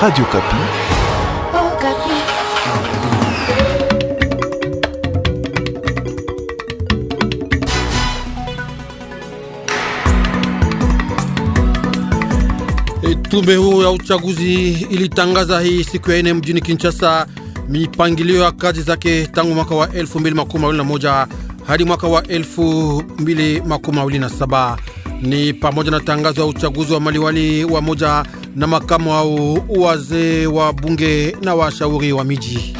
Radio Kapi. Oh, Kapi. Eh, tume huru ya uchaguzi ilitangaza hii siku ya ine mjini Kinshasa mipangilio ya kazi zake tangu mwaka wa 2021 hadi mwaka wa 2027 ni pamoja na tangazo ya uchaguzi wa maliwali wa moja na makamu au wazee wa bunge na washauri wa miji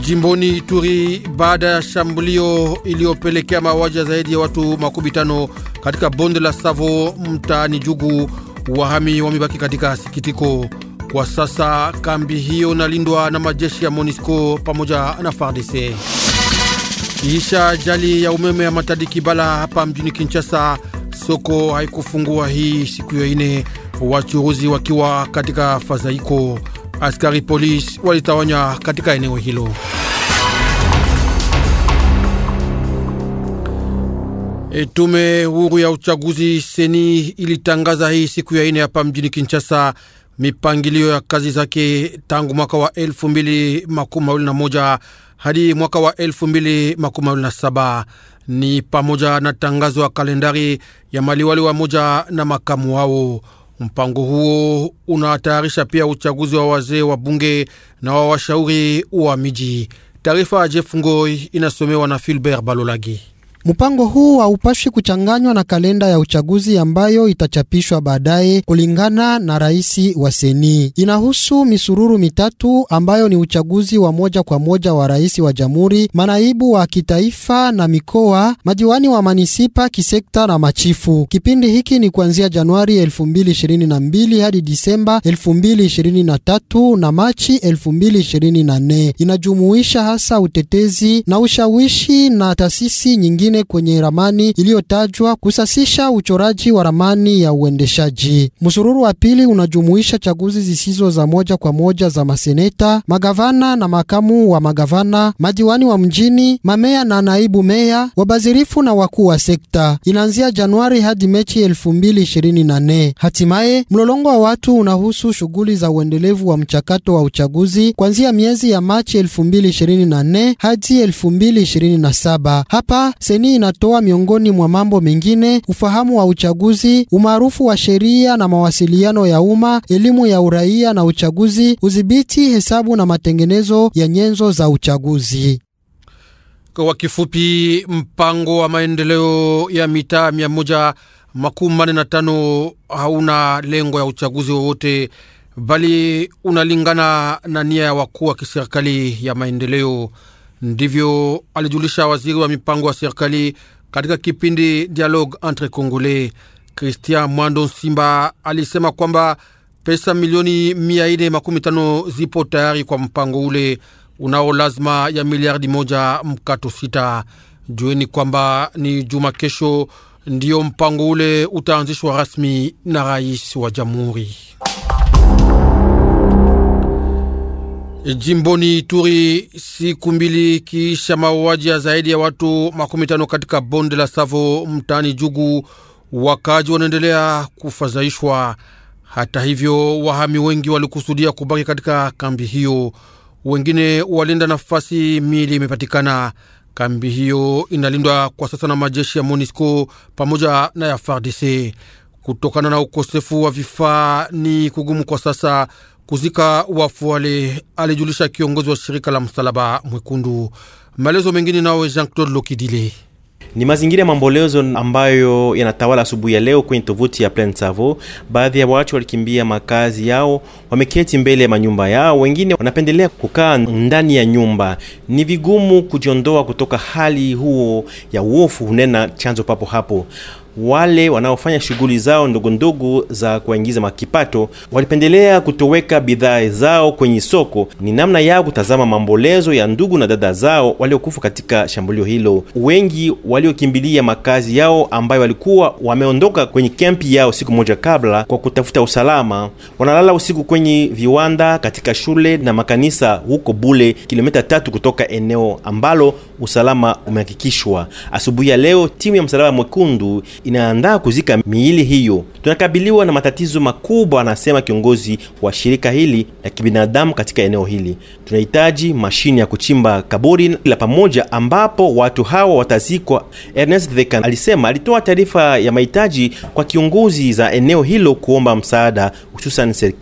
jimboni Ituri baada ya shambulio iliyopelekea mauaji zaidi ya watu makumi tano katika bonde la Savo mtaani Jugu, wahami wamebaki katika sikitiko. Kwa sasa kambi hiyo inalindwa na majeshi ya MONUSCO pamoja na FARDC. Kisha ajali ya umeme ya Matadi Kibala hapa mjini Kinshasa, soko haikufungua hii siku ya ine wachuruzi wakiwa katika fadhaiko, askari polisi walitawanywa katika eneo hilo. E, tume huru ya uchaguzi seni ilitangaza hii siku ya ine hapa mjini Kinshasa mipangilio ya kazi zake tangu mwaka wa elfu mbili makumi mawili na moja hadi mwaka wa elfu mbili makumi mawili na saba ni pamoja na tangazo ya kalendari ya maliwali wa moja na makamu wao. Mpango huo unahatarisha pia uchaguzi wa wazee wa bunge na wa washauri wa miji. Taarifa ya Jeff Ngoi inasomewa na Filbert Balolagi. Mpango huu haupashwi kuchanganywa na kalenda ya uchaguzi ambayo itachapishwa baadaye kulingana na rais wa Seni. Inahusu misururu mitatu ambayo ni uchaguzi wa moja kwa moja wa rais wa jamhuri, manaibu wa kitaifa na mikoa, madiwani wa manisipa, kisekta na machifu. Kipindi hiki ni kuanzia Januari 2022 hadi Disemba 2023 na Machi 2024. Inajumuisha hasa utetezi na ushawishi na taasisi nyingine nyingine kwenye ramani iliyotajwa kusasisha uchoraji wa ramani ya uendeshaji. Msururu wa pili unajumuisha chaguzi zisizo za moja kwa moja za maseneta, magavana na makamu wa magavana, madiwani wa mjini, mameya na naibu meya, wabazirifu na wakuu wa sekta. Inaanzia Januari hadi Mechi 2024. Hatimaye mlolongo wa watu unahusu shughuli za uendelevu wa mchakato wa uchaguzi kuanzia miezi ya Machi 2024 hadi 2027. Hapa Seni inatoa miongoni mwa mambo mengine ufahamu wa uchaguzi, umaarufu wa sheria na mawasiliano ya umma, elimu ya uraia na uchaguzi, udhibiti, hesabu na matengenezo ya nyenzo za uchaguzi. Kwa kifupi, mpango wa maendeleo ya mitaa mia moja makumi manne na tano hauna lengo ya uchaguzi wowote, bali unalingana na nia ya wakuu wa kiserikali ya maendeleo. Ndivyo alijulisha waziri wa mipango wa serikali katika kipindi Dialogue entre Congolais. Christian Mwando Nsimba alisema kwamba pesa milioni 415 zipo tayari kwa mpango ule unao lazima ya miliardi moja mkato sita. Jueni kwamba ni juma kesho ndiyo mpango ule utaanzishwa rasmi na rais wa jamhuri. E, jimboni Ituri, siku mbili kiisha mauaji ya zaidi ya watu makumi tano katika bonde la Savo mtaani Jugu, wakaaji wanaendelea kufadhaishwa. Hata hivyo, wahami wengi walikusudia kubaki katika kambi hiyo, wengine walinda nafasi mili imepatikana. Kambi hiyo inalindwa kwa sasa na majeshi ya MONUSCO pamoja na ya FARDC. Kutokana na ukosefu wa vifaa, ni kugumu kwa sasa kuzika wafu wale, alijulisha kiongozi wa shirika la Msalaba Mwekundu. Maelezo mengine nawe Jean Claude Lokidile. Ni mazingira ya mambolezo ambayo yanatawala asubuhi ya leo kwenye tovuti ya Plan Savo. Baadhi ya watu walikimbia makazi yao wameketi mbele ya manyumba yao, wengine wanapendelea kukaa ndani ya nyumba. Ni vigumu kujiondoa kutoka hali huo ya uofu, hunena chanzo papo hapo. Wale wanaofanya shughuli zao ndogo ndogo za kuingiza makipato walipendelea kutoweka bidhaa zao kwenye soko. Ni namna yao kutazama maombolezo ya ndugu na dada zao waliokufa katika shambulio hilo. Wengi waliokimbilia makazi yao ambayo walikuwa wameondoka kwenye kempi yao siku moja kabla kwa kutafuta usalama, wanalala usiku kwenye kwenye viwanda, katika shule na makanisa huko Bule, kilomita tatu kutoka eneo ambalo usalama umehakikishwa. Asubuhi ya leo timu ya Msalaba Mwekundu inaandaa kuzika miili hiyo. Tunakabiliwa na matatizo makubwa, anasema kiongozi wa shirika hili la kibinadamu katika eneo hili. Tunahitaji mashine ya kuchimba kaburi la pamoja ambapo watu hawa watazikwa. Ernest Vekan alisema, alitoa taarifa ya mahitaji kwa kiongozi za eneo hilo kuomba msaada, hususan serikali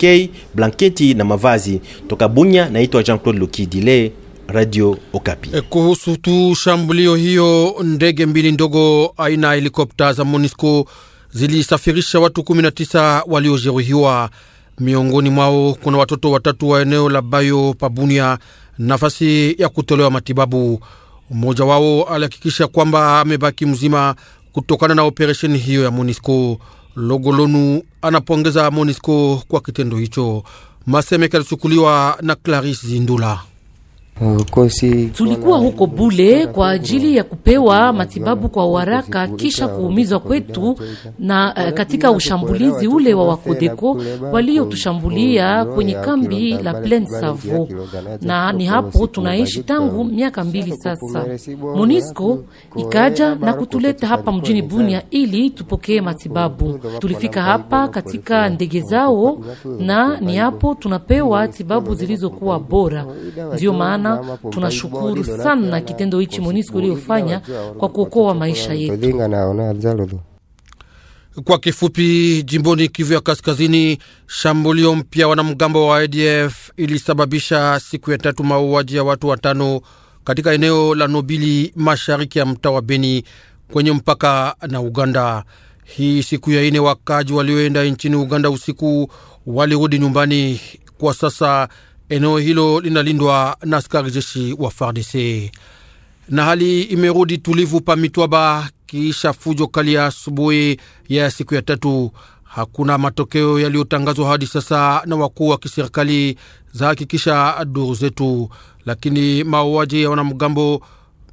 blanketi na mavazi. Toka Bunya, naitwa Jean-Claude Lokidile, Radio Okapi. Eh, kuhusu tu shambulio hiyo, ndege mbili ndogo aina ya helikopta za MONUSCO zilisafirisha watu 19 waliojeruhiwa. Miongoni mwao kuna watoto watatu wa eneo la Bayo Pabunia, nafasi ya kutolewa matibabu. Mmoja wao alihakikisha kwamba amebaki mzima kutokana na operesheni hiyo ya MONUSCO. Logolonu anapongeza MONUSCO kwa kitendo hicho. Masemeka alichukuliwa na Clarisse Zindula. Kosi. Euh, Tulikuwa huko Bule kwa ajili euh, ya kupewa matibabu kwa waraka kisha kuumizwa kwetu na uh, katika ushambulizi ule wa wakodeko waliotushambulia kwenye kambi la Plain Savo, na ni hapo tunaishi tangu euh, miaka mbili sasa. Monisco ikaja na kutuleta hapa mjini Bunia ili tupokee matibabu. Tulifika hapa katika ndege zao, na ni hapo tunapewa tibabu zilizokuwa bora, ndio oh, eh, maana sana tunashukuru sana kitendo hichi monisco iliyofanya kwa kuokoa maisha yetu. Kwa kifupi, jimboni Kivu ya Kaskazini, shambulio mpya wanamgambo wa ADF ilisababisha siku ya tatu mauaji ya watu watano katika eneo la Nobili mashariki ya mtaa wa Beni kwenye mpaka na Uganda. Hii siku ya ine, wakaji walioenda nchini Uganda usiku walirudi nyumbani. Kwa sasa Eneo hilo linalindwa na askari jeshi wa FARDC na hali imerudi tulivu pa Mitwaba kiisha fujo kali ya asubuhi ya siku ya tatu. Hakuna matokeo yaliyotangazwa hadi sasa na wakuu wa kiserikali za hakikisha duru zetu, lakini mauaji ya wanamgambo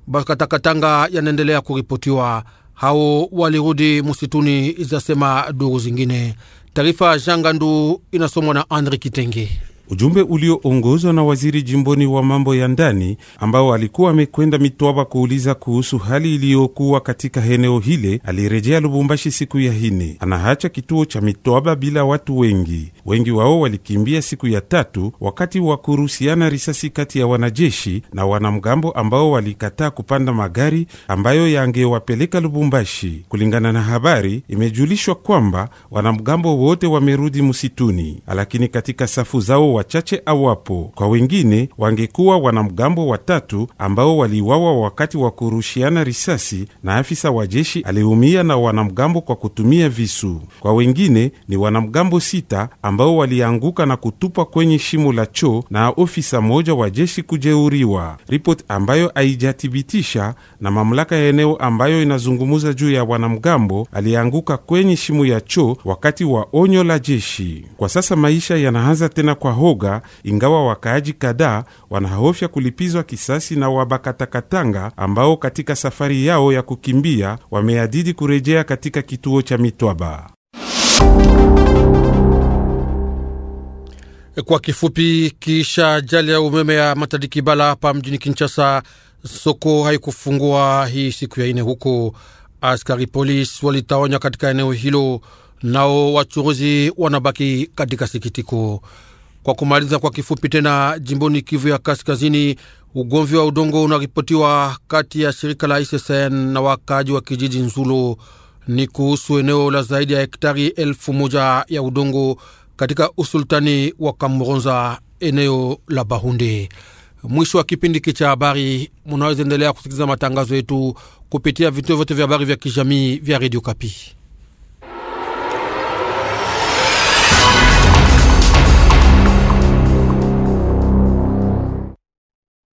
Bakatakatanga yanaendelea kuripotiwa. Hao walirudi musituni, zasema duru zingine. Taarifa Jangandu inasomwa na Andri Kitenge. Ujumbe ulioongozwa na waziri jimboni wa mambo ya ndani ambao alikuwa amekwenda Mitwaba kuuliza kuhusu hali iliyokuwa katika eneo hile alirejea Lubumbashi siku ya hine. Anahacha kituo cha Mitwaba bila watu wengi, wengi wao walikimbia siku ya tatu wakati wa kurusiana risasi kati ya wanajeshi na wanamgambo ambao walikataa kupanda magari ambayo yangewapeleka Lubumbashi. Kulingana na habari, imejulishwa kwamba wanamgambo wote wamerudi msituni, lakini katika safu zao wachache awapo. Kwa wengine wangekuwa wanamgambo watatu ambao waliwawa wakati wa kurushiana risasi na afisa wa jeshi aliumia na wanamgambo kwa kutumia visu. Kwa wengine ni wanamgambo sita ambao walianguka na kutupwa kwenye shimo la choo na ofisa mmoja wa jeshi kujeuriwa, ripoti ambayo haijathibitisha na mamlaka ya eneo ambayo inazungumuza juu ya wanamgambo alianguka kwenye shimo ya choo wakati wa onyo la jeshi. Kwa sasa maisha yanaanza tena kwa hoga, ingawa wakaaji kadhaa wanahofia kulipizwa kisasi na Wabakatakatanga ambao katika safari yao ya kukimbia wameadidi kurejea katika kituo cha Mitwaba. Kwa kifupi, kisha ajali ya umeme ya Matadi Kibala hapa mjini Kinshasa, soko haikufungua hii siku ya ine huko. Askari polisi walitawanywa katika eneo hilo, nao wachuruzi wanabaki katika sikitiko. Kwa kumaliza kwa kifupi tena, jimboni Kivu ya Kaskazini, ugomvi wa udongo unaripotiwa kati ya shirika la ssn na wakaaji wa kijiji Nzulo. Ni kuhusu eneo la zaidi ya hektari elfu moja ya udongo katika usultani wa Kamronza, eneo la Bahunde. Mwisho wa kipindi hiki cha habari, munaweza endelea kusikiliza matangazo yetu kupitia vituo vyote vya habari vya kijamii vya redio Kapi.